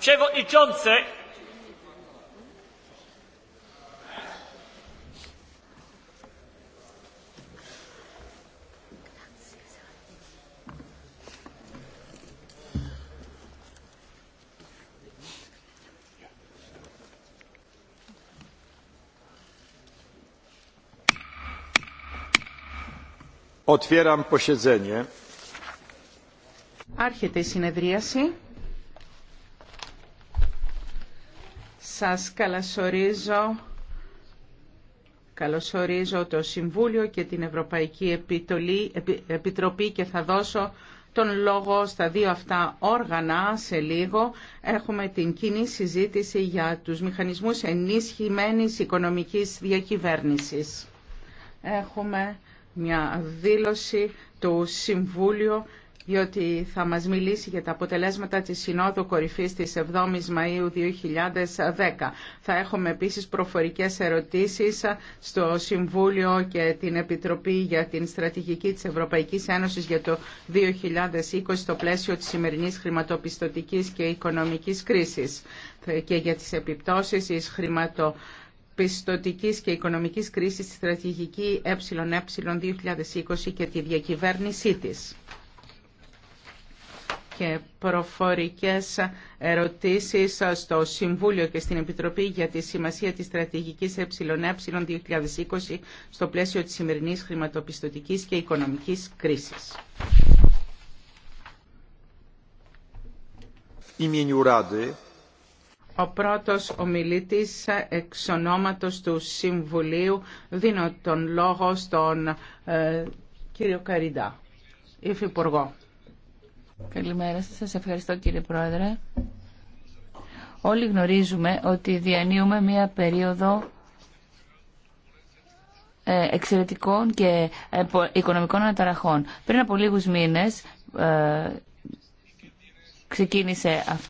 przewodniczący Otwieram posiedzenie. Άρχεται η συνεδρίαση. Σας καλωσορίζω, καλωσορίζω το Συμβούλιο και την Ευρωπαϊκή Επιτολή, Επιτροπή και θα δώσω τον λόγο στα δύο αυτά όργανα σε λίγο. Έχουμε την κοινή συζήτηση για τους μηχανισμούς ενίσχυμένης οικονομικής διακυβέρνησης. Έχουμε μια δήλωση του Συμβούλιο διότι θα μας μιλήσει για τα αποτελέσματα της Συνόδου Κορυφής της 7ης Μαΐου 2010. Θα έχουμε επίσης προφορικές ερωτήσεις στο Συμβούλιο και την Επιτροπή για την Στρατηγική της Ευρωπαϊκής Ένωσης για το 2020 στο πλαίσιο της σημερινής χρηματοπιστωτικής και οικονομικής κρίσης και για τις επιπτώσεις της χρηματοπιστωτικής και οικονομικής κρίσης στη στρατηγική ΕΕ 2020 και τη διακυβέρνησή της και προφορικές ερωτήσεις στο Συμβούλιο και στην Επιτροπή για τη σημασία της στρατηγικής ΕΕ 2020 στο πλαίσιο της σημερινής χρηματοπιστωτικής και οικονομικής κρίσης. Ο πρώτος ομιλήτης εξ ονόματος του Συμβουλίου δίνω τον λόγο στον ε, κύριο Καριντά, υφυπουργό. Καλημέρα σας. Σας ευχαριστώ κύριε Πρόεδρε. Όλοι γνωρίζουμε ότι διανύουμε μία περίοδο ε, εξαιρετικών και ε, οικονομικών αναταραχών. Πριν από λίγους μήνες ε, ξεκίνησε αυτό